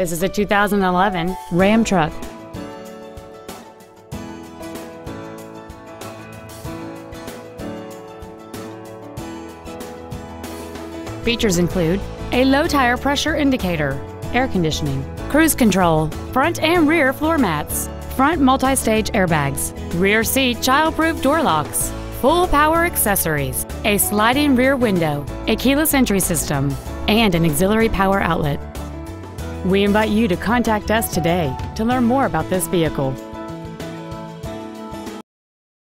This is a 2011 Ram truck. Features include a low tire pressure indicator, air conditioning, cruise control, front and rear floor mats, front multi-stage airbags, rear seat child-proof door locks, full power accessories, a sliding rear window, a keyless entry system, and an auxiliary power outlet. We invite you to contact us today to learn more about this vehicle.